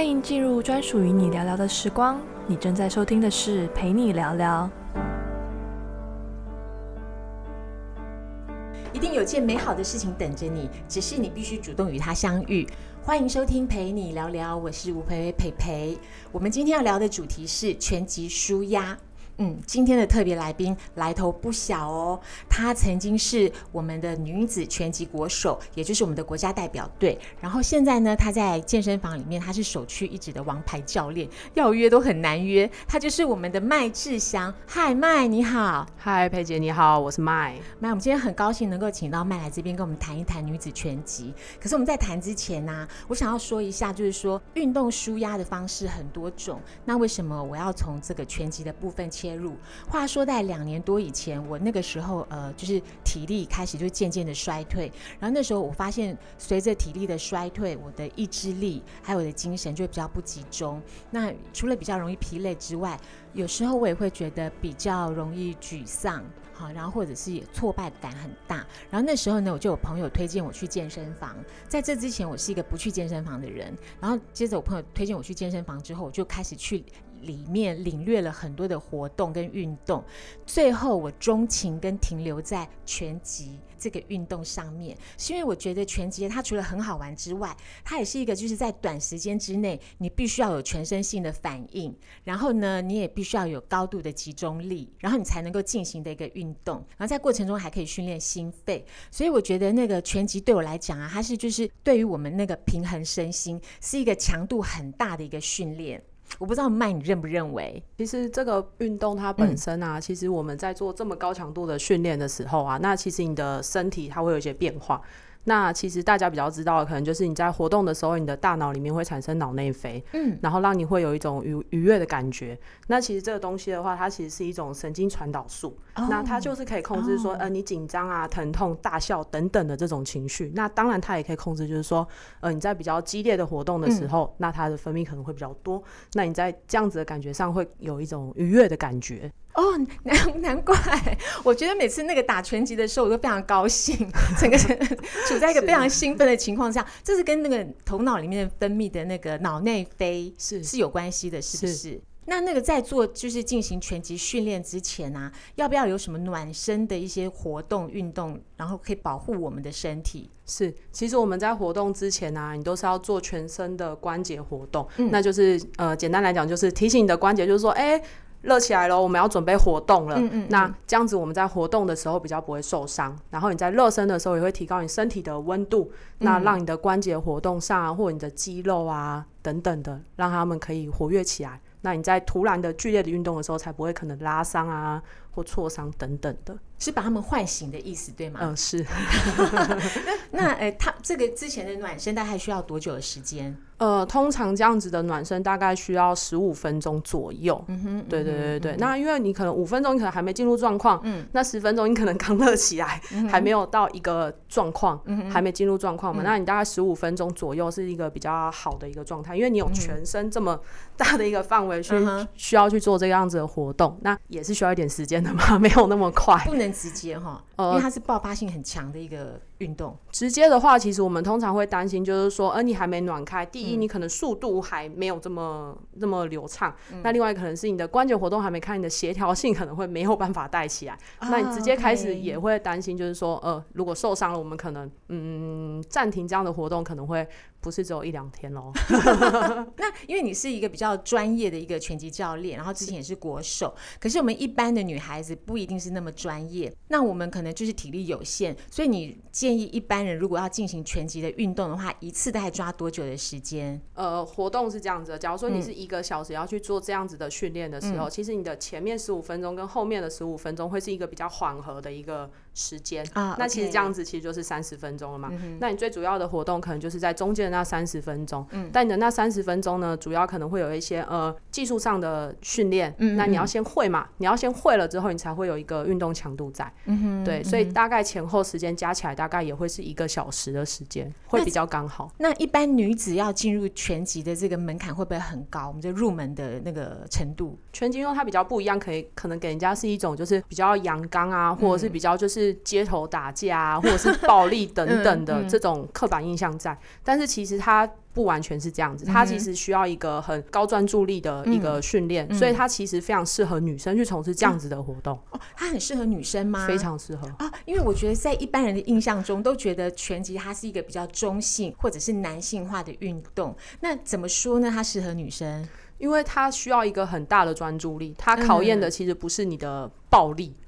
歡迎進入專屬於蓓你聊聊的時光，你正在收聽的是蓓你聊聊。一定有件美好的事情等着你，只是你必須主動與它相遇。歡迎收聽蓓你聊聊，我是吳蓓蓓。蓓蓓。我們今天要聊的主題是拳擊紓壓。嗯，今天的特別來賓來頭不小哦。他曾經是我們的女子拳擊國手，也就是我們的國家代表隊。然後現在呢，他在健身房裡面，他是首屈一指的王牌教練，要約都很難約。他就是我們的麥智翔，嗨，麥，你好。嗨，佩姐，你好，我是麥麥。Mike, 我們今天很高興能夠請到麥來這邊跟我們談一談女子拳擊。可是我們在談之前呢、啊，我想要說一下，就是說運動舒壓的方式很多種，那為什麼我要從這個拳擊的部分切？話說，在兩年多以前，我那個時候，呃，就是體力開始就漸漸的衰退。然後那時候，我發現隨着體力的衰退，我的意志力還有我的精神就會比較不集中。那除了比較容易疲累之外，有時候我也會覺得比較容易沮喪，好，然後或者是也挫敗感很大。然後那時候呢，我就有朋友推薦我去健身房。在這之前，我是一個不去健身房的人。然後接着，我朋友推薦我去健身房之後，我就開始去。裡面領略了很多的活動跟運動，最後我鍾情跟停留在拳擊這個運動上面，是因為我覺得拳擊它除了很好玩之外，它也是一個就是在短時間之內你必須要有全身性的反應，然後呢，你也必須要有高度的集中力，然後你才能夠進行的一個運動，然後在過程中還可以訓練心肺，所以我覺得那個拳擊對我來講啊，它是就是對於我們那個平衡身心是一個強度很大的一個訓練。我不知道麥，你認不認為？其實這個運動它本身啊、嗯，其實我們在做這麼高強度的訓練的時候啊，那其實你的身體它會有一些變化。那其實大家比較知道的可能就是你在活動的時候，你的大腦裡面會產生腦內啡，嗯，然後讓你會有一種愉愉悅的感覺。那其實這個東西的話，它其實是一種神經傳導素。哦、那它就是可以控制說，哦、呃，你緊張啊、疼痛、大笑等等的這種情緒。那當然，它也可以控制，就是說，呃，你在比較激烈的活動的時候，嗯、那它的分泌可能會比較多。那你在這樣子的感覺上會有一種愉悅的感覺。哦，難難怪，我覺得每次那個打拳擊的時候，我都非常高興， 整個整個處在一個非常興奮的情況下。這是跟那個頭腦裡面的分泌的那個腦內啡是是有關係的是，是不是？是那那個在做就是進行拳擊訓練之前啊，要不要有什麼暖身的一些活動運動，然後可以保護我們的身體？是，其實我們在活動之前呢、啊，你都是要做全身的關節活動。嗯，那就是呃，簡單來講就是提醒你的關節，就是說，哎、欸，熱起來囉，我們要準備活動了。嗯，嗯嗯。那這樣子我們在活動的時候比較不會受傷，然後你在熱身的時候也會提高你身體的溫度，嗯，那讓你的關節活動上啊，或你的肌肉啊等等的，讓他們可以活躍起來。那你在突然的劇烈的運動的時候，才不會可能拉傷啊。或挫傷等等的，是把他們喚醒的意思，對嗎？嗯、呃，是。 那哎、欸，他這個之前的暖身大概需要多久的時間？呃，通常這樣子的暖身大概需要十五分鐘左右。嗯哼，對對對對、嗯嗯、那因為你可能五分鐘，你可能還沒進入狀況。嗯。那十分鐘，你可能剛熱起來、嗯，還沒有到一個狀況、嗯，還沒進入狀況嘛、嗯？那你大概十五分鐘左右是一個比較好的一個狀態、嗯，因為你有全身這麼大的一個範圍去、嗯、需要去做這樣子的活動，嗯、那也是需要一點時間。沒有那麼快，不能直接哈，因為它是爆發性很強的一個。呃運動直接的話，其實我們通常會擔心，就是說，呃，你還沒暖開，第一，嗯、你可能速度還沒有這麼那麼流暢，嗯，那另外可能是你的關節活動還沒開，你的協調性可能會沒有辦法帶起來啊。那你直接開始也會擔心，就是說啊 okay，呃，如果受傷了，我們可能嗯暫停這樣的活動，可能會不是只有一兩天嘍。 那因為你是一個比較專業的一個拳擊教練，然後之前也是國手， 可是我們一般的女孩子不一定是那麼專業，那我們可能就是體力有限，所以你接。建議一般人如果要進行拳擊的運動的話，一次大概抓多久的時間？呃，活動是這樣子的，假如說你是一個小時要去做這樣子的訓練的時候、嗯，其實你的前面十五分鐘跟後面的十五分鐘會是一個比較緩和的一個。時間啊，oh, okay. 那其實這樣子其實就是三十分鐘了嘛。Mm -hmm. 那你最主要的活動可能就是在中間的那三十分鐘、嗯，但你的那三十分鐘呢，主要可能會有一些呃技術上的訓練。嗯，那你要先會嘛，嗯、你要先會了之後，你才會有一個運動強度在。嗯哼，對、嗯，所以大概前後時間加起來，大概也會是一個小時的時間、嗯，會比較剛好那。那一般女子要進入拳擊的這個門檻會不會很高？我們這入門的那個程度，拳擊用它比較不一樣，可以可能給人家是一種就是比較陽剛啊、嗯，或者是比較就是。是街頭打架，啊，或者是暴力等等的這種刻板印象在， 嗯嗯，但是其實它不完全是這樣子，它其實需要一個很高專注力的一個訓練，嗯嗯，所以它其實非常適合女生去從事這樣子的活動。嗯哦，它很適合女生嗎？非常適合啊，哦，因為我覺得在一般人的印象中都覺得拳擊它是一個比較中性或者是男性化的運動。那怎麼說呢？它適合女生，因為它需要一個很大的專注力，它考驗的其實不是你的暴力。嗯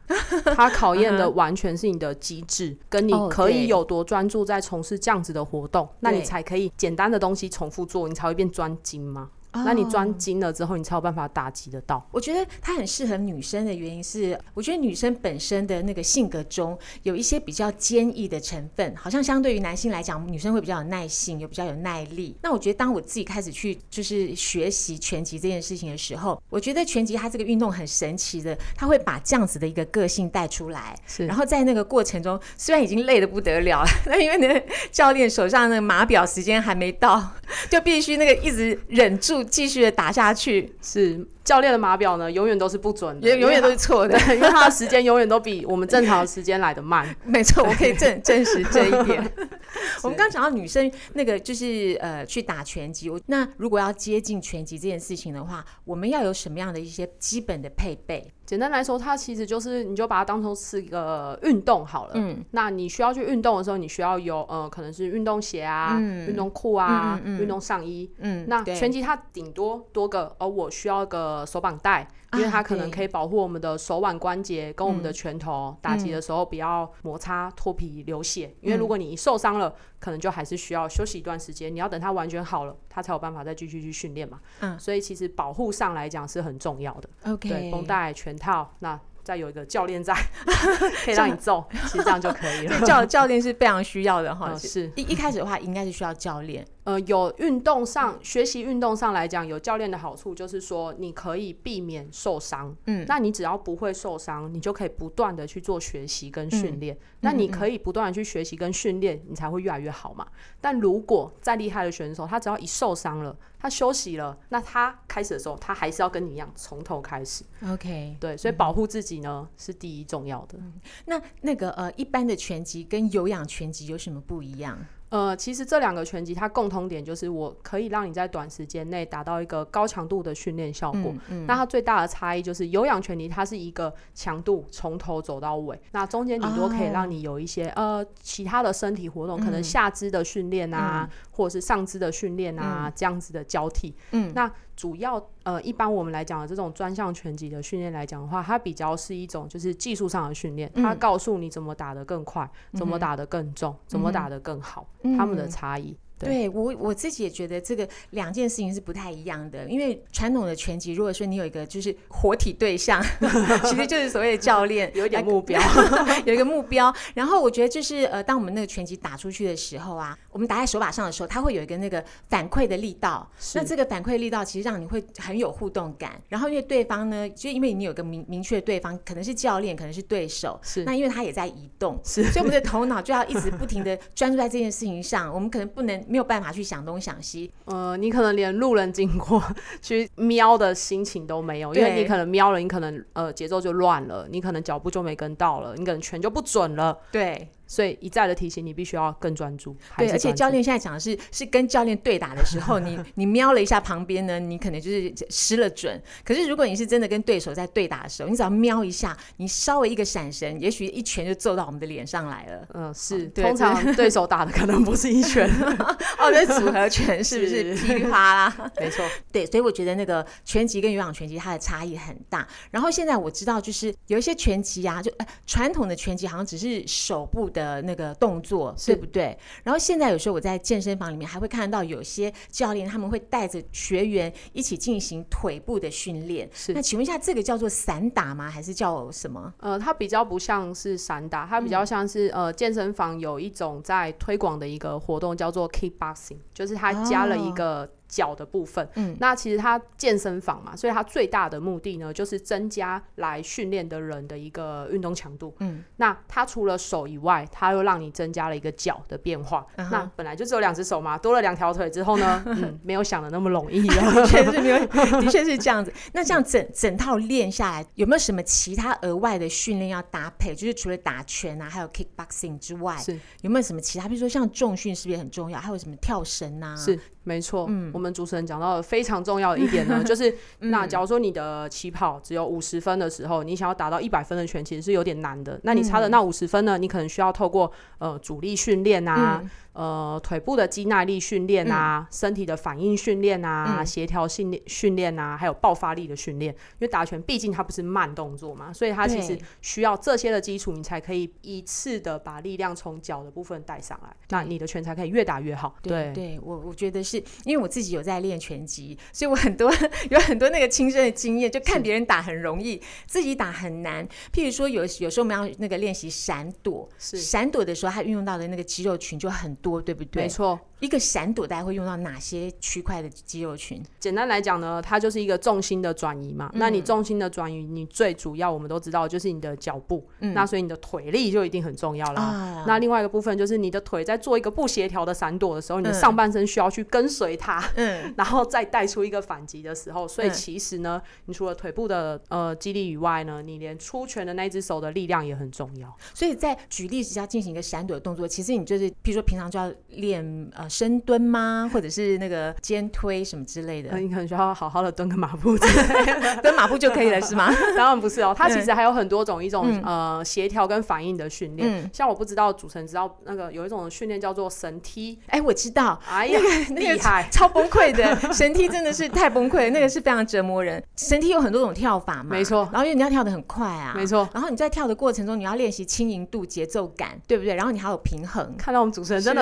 它 考驗的完全是你的機智，uh -huh. 跟你可以有多專注在從事這樣子的活動，okay. 那你才可以簡單的東西重複做，right. 你才會變專精嗎？那你專精了之後，你才有辦法打擊得到。Oh。我覺得它很適合女生的原因是，我覺得女生本身的那個性格中有一些比較堅毅的成分，好像相對於男性來講，女生會比較有耐性，有比較有耐力。那我覺得當我自己開始去就是學習拳擊這件事情的時候，我覺得拳擊它這個運動很神奇的，它會把這樣子的一個個性帶出來。是，然後在那個過程中，雖然已經累得不得了，那因為那個教練手上那個碼錶時間還沒到，就必須那個一直忍住。繼續的打下去，是。教練的碼表呢，永遠都是不準的，也永遠都是錯的， 因為他的時間永遠都比我們正常的時間來得慢。 沒錯，我可以證證實這一點。 我們剛講到女生那個，就是呃，去打拳擊。我那如果要接近拳擊這件事情的話，我們要有什麼樣的一些基本的配備？簡單來說，它其實就是你就把它當成是一個運動好了。嗯，那你需要去運動的時候，你需要有呃，可能是運動鞋啊，運、嗯、動褲啊，運、嗯嗯嗯、動上衣。嗯，那拳擊它頂多多個，而、呃、我需要一個。呃，手綁帶，因為它可能可以保護我們的手腕關節跟我們的拳頭，打擊的時候不要摩擦脫皮流血、嗯嗯。因為如果你一受傷了，可能就還是需要休息一段時間，你要等它完全好了，它才有辦法再繼續去訓練嘛。嗯，所以其實保護上來講是很重要的。嗯 okay、對繃帶拳套，那再有一個教練在， 教 可以讓你揍，其實這樣就可以了。 教教練是非常需要的哈、嗯，是 一一開始的話應該是需要教練。呃，有運動上學習運動上來講，有教練的好處就是說，你可以避免受傷。嗯，那你只要不會受傷，你就可以不斷的去做學習跟訓練、嗯。那你可以不斷的去學習跟訓練、嗯，你才會越來越好嘛。嗯、但如果再厲害的選手，他只要一受傷了，他休息了，那他開始的時候，他還是要跟你一樣從頭開始。OK，對，所以保護自己呢、嗯、是第一重要的。嗯、那那個呃，一般的拳擊跟有氧拳擊有什麼不一樣？呃，其實這兩個拳擊它共同點就是我可以讓你在短時間內達到一個高強度的訓練效果。嗯嗯。那它最大的差異就是有氧拳擊，它是一個強度從頭走到尾，那中間你都可以讓你有一些、哦、呃其他的身體活動，可能下肢的訓練啊、嗯，或者是上肢的訓練啊、嗯、這樣子的交替。嗯，那。主要呃，一般我們來講的這種專項拳擊的訓練來講的話，它比較是一種就是技術上的訓練、嗯，它告訴你怎麼打得更快，怎麼打得更重，嗯、怎麼打得更好，嗯、他們的差異。對，對，我我自己也覺得這個兩件事情是不太一樣的，因為傳統的拳擊，如果說你有一個就是活體對象， 其實就是所謂的教練， 有點目標， 有一個目標。然後我覺得就是呃，當我們那個拳擊打出去的時候啊，我們打在手把上的時候，它會有一個那個反饋的力道，是。那這個反饋力道其實讓你會很有互動感。然後因為對方呢，就因為你有一個明明確的對方，可能是教練，可能是對手，是。那因為他也在移動，是。所以我們的頭腦就要一直不停的專注在這件事情上， 我們可能不能。沒有辦法去想東想西，呃，你可能連路人經過去瞄的心情都沒有，因為你可能瞄了，你可能呃節奏就亂了，你可能腳步就沒跟到了，你可能拳就不準了。對。所以一再的提醒你，必須要更專注，注。對，而且教練現在講的是，是跟教練對打的時候， 你你瞄了一下旁邊呢，你可能就是失了準。可是如果你是真的跟對手在對打的時候，你只要瞄一下，你稍微一個閃身，也許一拳就揍到我們的臉上來了。嗯，是，對，通常對手打的可能不是一拳， 哦，那組合拳是不是劈啪啦？ 沒錯，對，所以我覺得那個拳擊跟有氧拳擊它的差異很大。然後現在我知道就是有一些拳擊啊，就呃傳統的拳擊好像只是手部的。呃，那個動作對不對？然後現在有時候我在健身房裡面還會看到有些教練他們會帶着學員一起進行腿部的訓練。是，那請問一下，這個叫做散打嗎？還是叫什麼？呃，它比較不像是散打，它比較像是，嗯、呃健身房有一種在推廣的一個活動叫做 Kickboxing，就是它加了一個，哦。一個腳的部分，嗯，那其實它健身房嘛，所以它最大的目的呢，就是增加來訓練的人的一個運動強度，嗯，那它除了手以外，它又讓你增加了一個腳的變化、啊，那本來就只有兩只手嘛，多了兩條腿之後呢，嗯、 沒有想的那麼容易、喔， 的確是沒有，的確是這樣子。 那像整整套練下來，有沒有什麼其他額外的訓練要搭配？就是除了打拳啊，還有 kickboxing 之外，是有沒有什麼其他？比如說像重訓是不是也很重要？還有什麼跳繩啊？是。沒錯、嗯，我們主持人講到的非常重要的一點呢， 就是那假如說你的起跑只有五十分的時候，嗯、你想要達到一百分的拳，其實是有點難的。嗯、那你差的那五十分呢，你可能需要透過呃主力訓練啊。嗯呃，腿部的肌耐力訓練啊、嗯，身體的反應訓練啊，嗯、協調訓練訓練啊，還有爆發力的訓練。因為打拳畢竟它不是慢動作嘛，所以它其實需要這些的基礎，你才可以一次的把力量從腳的部分帶上來，那你的拳才可以越打越好。對，對、對、對，我我覺得是因為我自己有在練拳擊，所以我很多有很多那個親身的經驗，就看別人打很容易，自己打很難。譬如說有有時候我們要那個練習閃躲，是閃躲的時候，它運用到的那個肌肉群就很。多對不對？沒錯，一個閃躲，大家會用到哪些區塊的肌肉群？簡單來講呢，它就是一個重心的轉移嘛、嗯。那你重心的轉移，你最主要我們都知道就是你的腳步、嗯，那所以你的腿力就一定很重要啦、啊。那另外一個部分就是你的腿在做一個不協調的閃躲的時候、嗯，你的上半身需要去跟隨它，嗯，然後再帶出一個反擊的時候，嗯、所以其實呢，你除了腿部的呃肌力以外呢，你連出拳的那隻手的力量也很重要。所以在舉例之下進行一個閃躲的動作，其實你就是比如說平常。就要練呃深蹲嗎？或者是那個肩推什麼之類的？你可能需要好好的蹲個馬步之類， 蹲馬步就可以了， 是嗎？當然不是哦，它其實還有很多種一種、嗯、呃協調跟反應的訓練、嗯。像我不知道主持人知道那個有一種訓練叫做繩梯，哎，我知道，哎呀，那個厲害，那個、超，超崩潰的繩梯 真的是太崩潰，那個是非常折磨人。繩梯有很多種跳法嘛，沒錯，然後因為你要跳的很快啊，沒錯，然後你在跳的過程中你要練習輕盈度、節奏感，對不對？然後你還有平衡。看到我們主持人真的。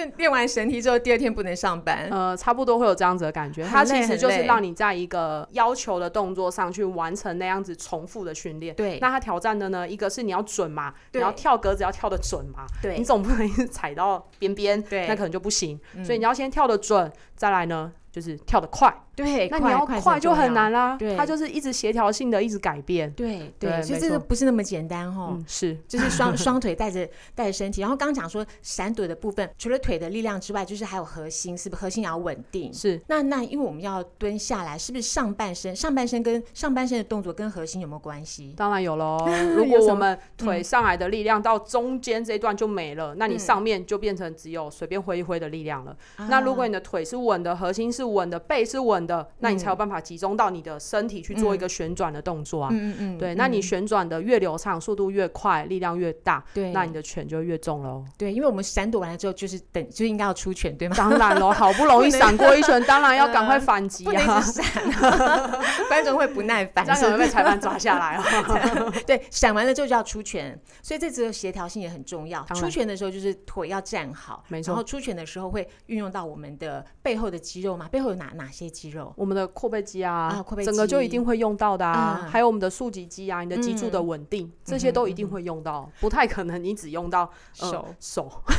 練完繩梯之後，第二天不能上班。呃，差不多會有這樣子的感覺，很累很累。它其實就是讓你在一個要求的動作上去完成那樣子重複的訓練。對，那它挑戰的呢，一個是你要準嘛，對你要跳格子要跳得準嘛。對，你總不能踩到邊邊，那可能就不行。嗯、所以你要先跳得準，再來呢就是跳得快。對，那你要快就很難啦、啊。它就是一直協調性的一直改變。對對，對，其實這個不是那麼簡單哈、嗯。是， 就是雙雙腿帶着帶着身體，然後剛剛講說閃躲的部分，除了腿的。力量之外，就是還有核心，是不是？核心也要穩定。是。那那因為我們要蹲下來，是不是上半身、上半身跟上半身的動作跟核心有沒有關係？當然有嘍。如果我們腿上來的力量到中間這一段就沒了、 嗯，那你上面就變成只有隨便揮一揮的力量了、嗯。那如果你的腿是穩的，核心是穩的，背是穩的，那你才有辦法集中到你的身體去做一個旋轉的動作啊。嗯嗯，嗯。對，那你旋轉的越流暢，速度越快，力量越大，對，那你的拳就越重嘍。對，因為我們閃躲完了之後，就是等。就應該要出拳對嗎？ 當然了、哦，好不容易閃過一拳， 當然要趕快反擊呀、啊嗯。不能一直閃， 觀眾會不耐煩，可能被裁判抓下來哦。 對，閃完了之後就要出拳，所以這只的協調性也很重要。出拳的時候就是腿要站好，沒錯。然後出拳的時候會運用到我們的背後的肌肉嘛？背後有哪哪些肌肉？我們的闊背肌啊、哦闊背肌，整個就一定會用到的啊。嗯、還有我們的豎脊肌啊，你的脊柱的穩定、嗯，這些都一定會用到，嗯嗯嗯不太可能你只用到手、呃、手。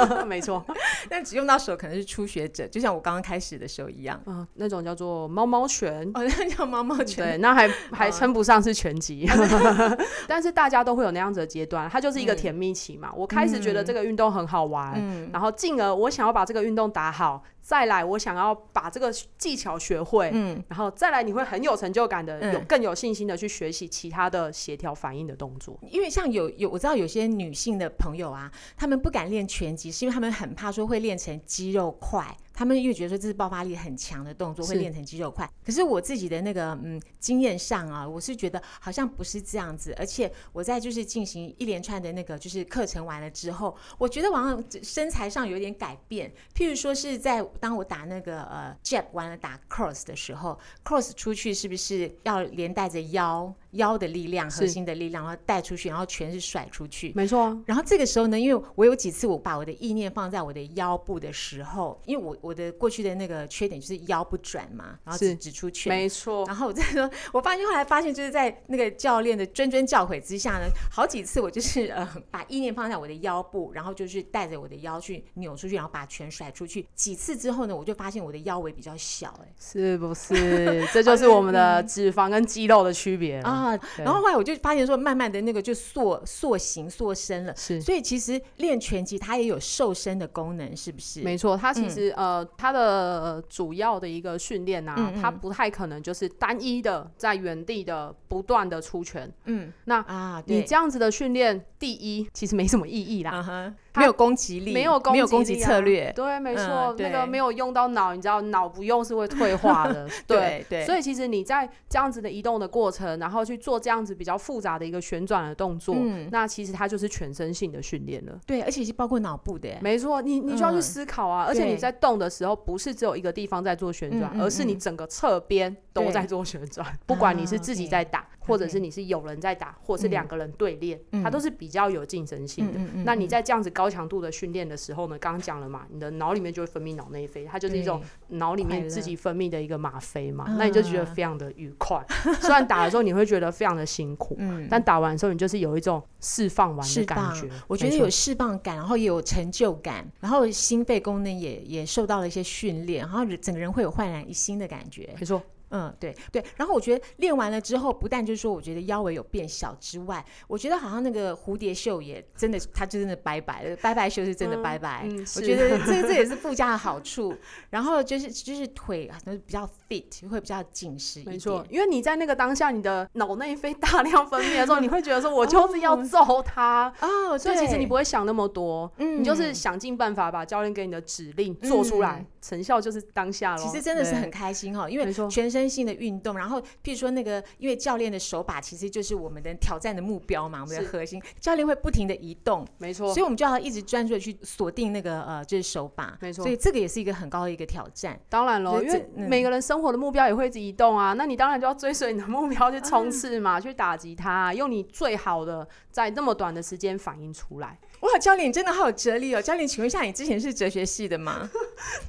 沒錯。但只用到手可能是初學者，就像我剛剛開始的時候一樣。啊、呃，那種叫做貓貓拳，哦，那叫貓貓拳。對，那還還稱不上是拳擊，哦、 但是大家都會有那樣子的階段，它就是一個甜蜜期嘛。嗯、我開始覺得這個運動很好玩，嗯、然後進而我想要把這個運動打好。再來，我想要把這個技巧學會，嗯，然後再來，你會很有成就感的，嗯、有更有信心的去學習其他的協調反應的動作。因為像有有，我知道有些女性的朋友啊，她們不敢練拳擊，是因為她們很怕說會練成肌肉塊。他們又覺得說這是爆發力很強的動作，會練成肌肉塊。可是我自己的那個嗯經驗上啊，我是覺得好像不是這樣子。而且我在就是進行一連串的那個就是課程完了之後，我覺得往往身材上有點改變。譬如說是在當我打那個呃 jab 完了打 cross 的時候，cross 出去是不是要連帶着腰？腰的力量，核心的力量，然後帶出去，然後全是甩出去，沒錯、啊。然後這個時候呢，因為我有幾次我把我的意念放在我的腰部的時候，因為我我的過去的那個缺點就是腰不轉嘛，然後是指出拳，沒錯。然後我再說，我發現後來發現就是在那個教練的諄諄教誨之下呢，好幾次我就是呃把意念放在我的腰部，然後就是帶着我的腰去扭出去，然後把拳甩出去。幾次之後呢，我就發現我的腰圍比較小，欸，哎，是不是？這就是我們的脂肪跟肌肉的區別 啊，然後後來我就發現說，慢慢的那個就塑塑形、塑身了。是，所以其實練拳擊它也有瘦身的功能，是不是？沒錯，它其實、嗯、呃，它的、呃、主要的一個訓練啊、嗯嗯，它不太可能就是單一的在原地的不斷的出拳。嗯，那啊，你這樣子的訓練，第一其實沒什麼意義啦，啊、沒有攻擊力，沒有攻、啊、沒有攻擊策略，啊、對，沒錯、嗯，那個沒有用到腦，你知道腦不用是會退化的， 對對。所以其實你在這樣子的移動的過程，然後去做這樣子比較複雜的一個旋轉的動作、嗯，那其實它就是全身性的訓練了。對，而且是包括腦部的。沒錯，你你需要去思考啊、嗯，而且你在動的時候不是只有一個地方在做旋轉，而是你整個側邊都在做旋轉。不管你是自己在打，或者是你是有人在打，或者是兩個人對練、嗯，它都是比較有競爭性的、嗯。那你在這樣子高強度的訓練的時候呢，剛剛講了嘛，你的腦裡面就會分泌腦內啡，它就是一種腦裡面自己分泌的一個嗎啡嘛，那你就覺得非常的愉快。嗯、雖然打的時候你會覺得。 覺得非常的辛苦啊，嗯，但打完的時候，你就是有一種釋放完的感覺。我覺得有釋放感，然後也有成就感，然後心肺功能也也受到了一些訓練，然後整個人會有煥然一新的感覺。沒錯。嗯，對對，然後我覺得練完了之後，不但就是說，我覺得腰圍有變小之外，我覺得好像那個蝴蝶袖也真的，它就真的拜拜了，拜拜袖是真的拜拜。嗯，我覺得這這也是附加的好處。 然後就是就是腿比較 fit，會比較緊實一點。沒錯，因為你在那個當下，你的腦內啡大量分泌的時候，你會覺得說我就是要揍他啊、 哦！所以其實你不會想那麼多，嗯，你就是想盡辦法把教練給你的指令做出來，嗯，成效就是當下了。其實真的是很開心哈，哦，因為全身。身心的運動，然後比如說那個，因為教練的手把其實就是我們的挑戰的目標嘛，我們的核心教練會不停的移動，沒錯，所以我們就要一直專注的去鎖定那個呃，就是手把，沒錯，所以這個也是一個很高的一個挑戰。當然嘍、就是，因為每個人生活的目標也會一直移動啊、嗯，那你當然就要追隨你的目標去衝刺嘛，嗯、去打擊它，用你最好的在那麼短的時間反應出來。哇，教練，你真的好有哲理哦！教練，請問一下，你之前是哲學系的嗎？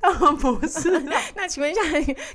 哦， 不是。 那請問一下，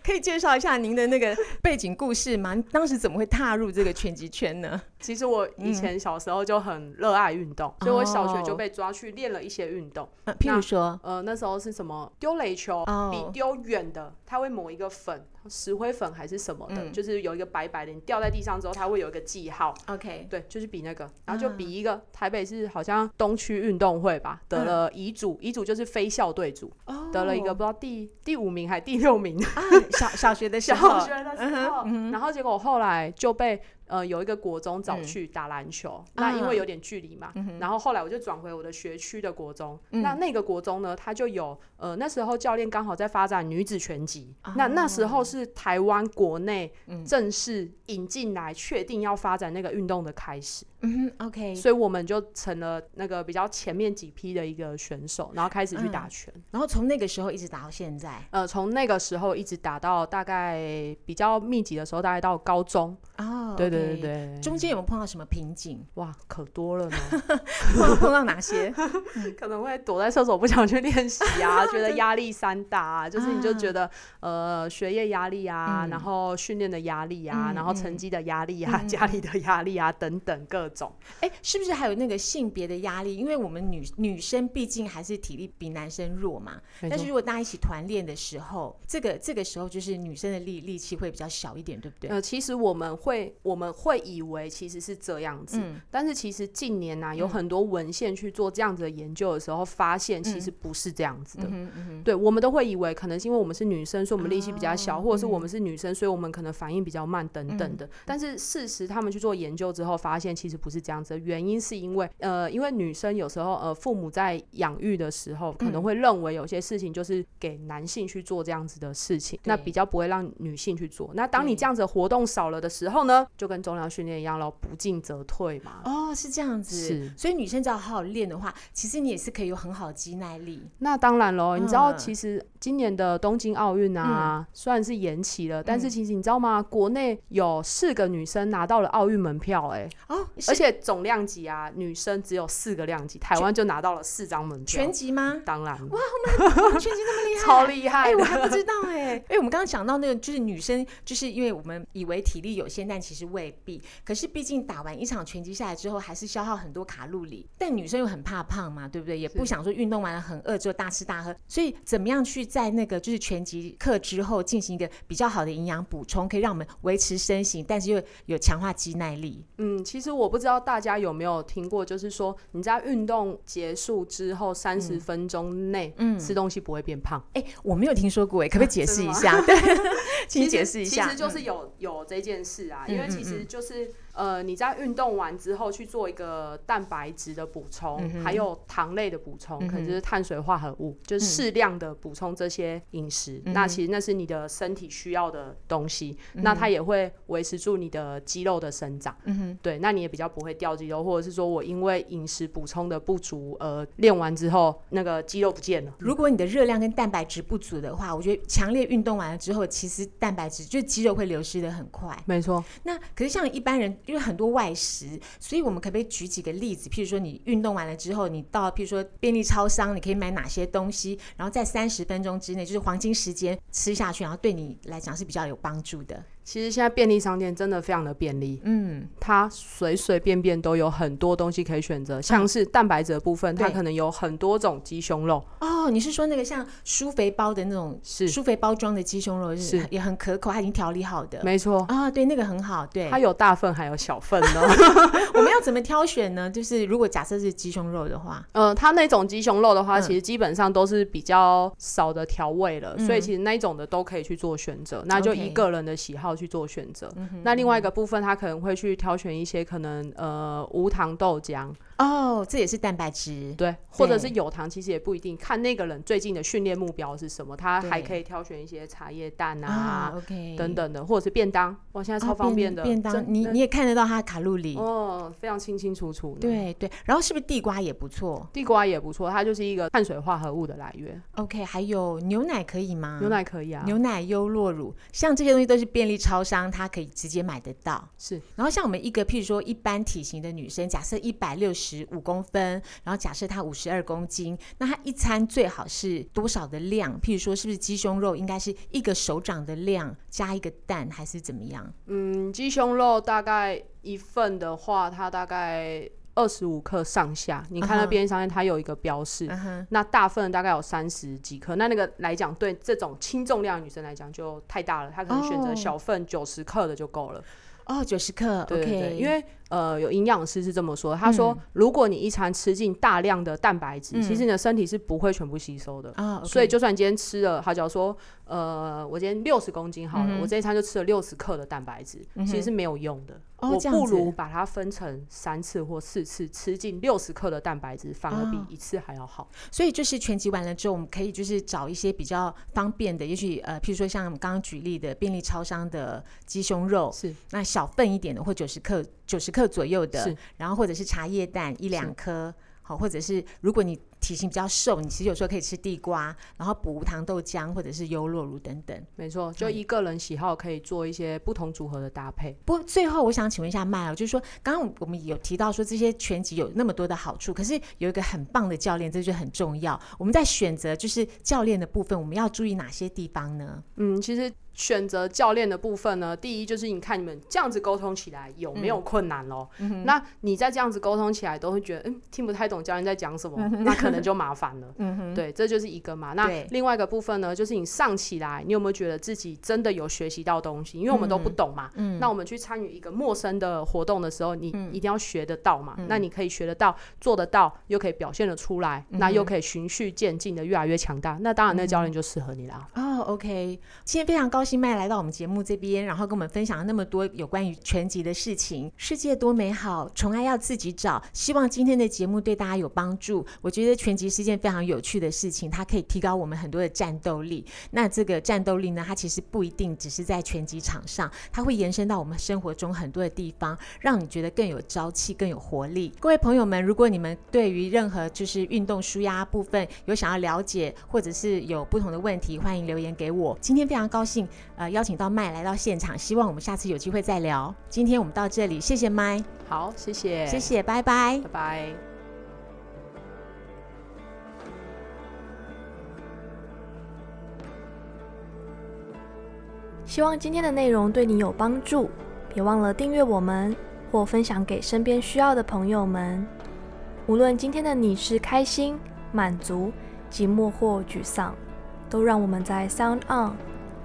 可以介紹一下您的那個背景故事嗎？你當時怎麼會踏入這個拳擊圈呢？其實我以前小時候就很熱愛運動、嗯，所以我小學就被抓去練了一些運動。譬、哦、如說，呃，那時候是什麼丟壘球，哦、比丟遠的，它會抹一個粉，石灰粉還是什麼的、嗯，就是有一個白白的，你掉在地上之後，它會有一個記號。OK，對，就是比那個，然後就比一個、嗯、臺北是好像東區運動會吧，得了乙組，乙、嗯、組就是非校隊組、哦，得了一個不知道第第五名還是第六名。啊、 小小學的時候小學的時候、嗯嗯，然後結果後來就被。呃，有一個國中早去打籃球、嗯，那因為有點距離嘛、嗯，然後後來我就轉回我的學區的國中、嗯。那那個國中呢，他就有呃，那時候教練剛好在發展女子拳擊、哦，那那時候是台灣國內正式引進來確定要發展那個運動的開始。嗯哼，OK，所以我們就成了那個比較前面幾批的一個選手，然後開始去打拳，嗯、然後從那個時候一直打到現在。呃，從那個時候一直打到大概比較密集的時候，大概到高中。哦，對對，對。對，對對，中間有沒有碰到什麼瓶頸？哇，可多了呢！ 碰到哪些？ 可能會躲在廁所不想去練習啊， 覺得壓力山大、啊 啊，就是你就覺得呃，學業壓力啊，嗯、然後訓練的壓力啊、嗯，然後成績的壓力啊、嗯，家裡的壓力啊、嗯，等等各種。哎、欸，是不是還有那個性別的壓力？因為我們女女生畢竟還是體力比男生弱嘛。但是如果大家一起團練的時候，這個這個時候就是女生的力力氣會比較小一點，對不對？呃，其實我們會我們。會以為其實是這樣子，嗯、但是其實近年吶、啊嗯、有很多文獻去做這樣子的研究的時候，發現其實不是這樣子的。嗯、對，我們都會以為，可能是因為我們是女生，所以我們力氣比較小、啊，或者是我們是女生，所以我們可能反應比較慢等等的、嗯。但是事實，他們去做研究之後，發現其實不是這樣子的。原因是因為，呃，因為女生有時候，呃，父母在養育的時候，可能會認為有些事情就是給男性去做這樣子的事情，嗯、那比較不會讓女性去做。那當你這樣子活動少了的時候呢，嗯、就跟跟重量訓練一樣，囉不進則退嘛。哦，是這樣子，是，所以女生只要好好練的話，其實你也是可以有很好的肌耐力。那當然嘍、嗯，你知道其實。今年的東京奧運啊，雖、嗯、然是延期了、嗯，但是其實你知道嗎？國內有四個女生拿到了奧運門票、欸，哎，哦，而且總量級啊，女生只有四個量級，台灣就拿到了四張門票，拳擊嗎？當然，哇，我們，我們拳擊那麼厲害， 超厲害，哎、欸，我還不知道哎、欸，哎、 欸，我們剛剛講到那個，就是女生，就是因為我們以為體力有限，但其實未必。可是畢竟打完一場拳擊下來之後，還是消耗很多卡路里，但女生又很怕胖嘛，對不對？也不想說運動完了很餓就大吃大喝，所以怎麼樣去？在那個就是全集課之後進行一個比較好的營養補充，可以讓我們維持身形，但是又有強化肌耐力。嗯，其實我不知道大家有沒有聽過，就是說，你在運動結束之後三十分鐘內，嗯，吃東西不會變胖。嗯嗯欸、我沒有聽說過，哎，可不可以解釋一下？請解釋一下。 其，實 其實就是有有這件事啊、嗯，因為其實就是。呃，你在運動完之後去做一個蛋白質的補充、嗯，還有糖類的補充、嗯，可能就是碳水化合物，嗯、就是適量的補充這些飲食、嗯。那其實那是你的身體需要的東西，嗯、那它也會維持住你的肌肉的生長。嗯對，那你也比較不會掉肌肉，嗯、或者是說我因為飲食補充的不足，而，練完之後那個肌肉不見了。如果你的熱量跟蛋白質不足的話，我覺得強烈運動完了之後，其實蛋白質就肌肉會流失的很快。沒錯。那可是像一般人。因為很多外食，所以我們可不可以舉幾個例子？譬如說，你運動完了之後，你到譬如說便利超商，你可以買哪些東西？然後在三十分鐘之內，就是黃金時間吃下去，然後對你來講是比較有幫助的。其實現在便利商店真的非常的便利，嗯，它隨隨便便都有很多東西可以選擇、嗯，像是蛋白質的部分，它可能有很多種雞胸肉。哦，你是說那個像舒肥包的那種，是舒肥包裝的雞胸肉，是，是也很可口，它已經調理好的，沒錯啊、哦，對，那個很好，對，它有大份還有小份的， 我們要怎麼挑選呢？就是如果假設是雞胸肉的話、呃，嗯，它那種雞胸肉的話，其實基本上都是比較少的調味了、嗯，所以其實那一種的都可以去做選擇、嗯，那就依個人的喜好。去做選擇、嗯。那另外一個部分，他可能會去挑選一些可能呃無糖豆漿哦，這也是蛋白質對,對，或者是有糖，其實也不一定看那個人最近的訓練目標是什麼。他還可以挑選一些茶葉蛋啊,啊,啊，OK 等等的，或者是便當，哇，現在超方便的,、哦、便,的便當，你你也看得到它的卡路里哦，非常清清楚楚。對對，然後是不是地瓜也不錯？地瓜也不錯，它就是一個碳水化合物的來源。OK，還有牛奶可以嗎？牛奶可以啊，牛奶優酪乳，像這些東西都是便利。超商它可以直接買得到，是。然後像我們一個譬如說一般體型的女生，假設一百六十五公分，然後假設她五十二公斤，那她一餐最好是多少的量？譬如說是不是雞胸肉應該是一個手掌的量加一個蛋，還是怎麼樣？嗯，雞胸肉大概一份的話，它大概。二十五克上下，你看它邊上面它有一個標示，uh -huh. Uh -huh. 那大份大概有三十幾克，那那個來講，對這種輕重量的女生來講就太大了，她可能選擇小份九十克的就夠了。哦，九十克，okay. 對對對，因為呃，有營養師是這麼說，他說、嗯、如果你一餐吃進大量的蛋白質、嗯，其實你的身體是不會全部吸收的，oh, okay. 所以就算你今天吃了，他假如說呃，我今天六十公斤好了、嗯，我這一餐就吃了六十克的蛋白質、嗯，其實是沒有用的。Oh, 我不如把它分成三次或四次吃進六十克的蛋白質，反而比一次還要好。哦，所以就是拳擊完了之後，我們可以就是找一些比較方便的，也許呃，譬如說像我們剛剛舉例的便利超商的雞胸肉，是那小份一點的或九十克、九十克左右的是，然後或者是茶葉蛋一兩顆。好，或者是如果你體型比較瘦，你其實有時候可以吃地瓜，然後補無糖豆漿或者是優酪乳等等。沒錯，就依個人喜好可以做一些不同組合的搭配。嗯、不過最後我想請問一下麥啊，就是說剛剛我們有提到說這些拳擊有那麼多的好處，可是有一個很棒的教練，這就很重要。我們在選擇就是教練的部分，我們要注意哪些地方呢？嗯，其實。選擇教練的部分呢，第一就是你看你們這樣子溝通起來有沒有困難咯、嗯？那你在這樣子溝通起來都會覺得嗯聽不太懂教練在講什麼， 那可能就麻煩了、嗯。對，這就是一個嘛。那另外一個部分呢，就是你上起來，你有沒有覺得自己真的有學習到東西？因為我們都不懂嘛。嗯。那我們去參與一個陌生的活動的時候，你一定要學得到嘛、嗯。那你可以學得到、做得到，又可以表現得出來，嗯、那又可以循序漸進的越來越強大。那當然，那教練就適合你啦。哦、嗯 oh,，OK，今天非常高興。新麥來到我們節目這邊，然後跟我們分享了那麼多有關於拳擊的事情。世界多美好，寵愛要自己找。希望今天的節目對大家有幫助。我覺得拳擊是一件非常有趣的事情，它可以提高我們很多的戰鬥力。那這個戰鬥力呢，它其實不一定只是在拳擊場上，它會延伸到我們生活中很多的地方，讓你覺得更有朝氣、更有活力。各位朋友們，如果你們對於任何就是運動舒壓部分有想要了解，或者是有不同的問題，歡迎留言給我。今天非常高興。呃，邀請到麥來到現場，希望我們下次有機會再聊。今天我們到這裡，謝謝麥。好，謝謝，謝謝，拜拜，拜拜。希望今天的內容對你有幫助，別忘了訂閱我們或分享給身邊需要的朋友們。無論今天的你是開心、滿足、寂寞或沮喪，都讓我們在 Sound On。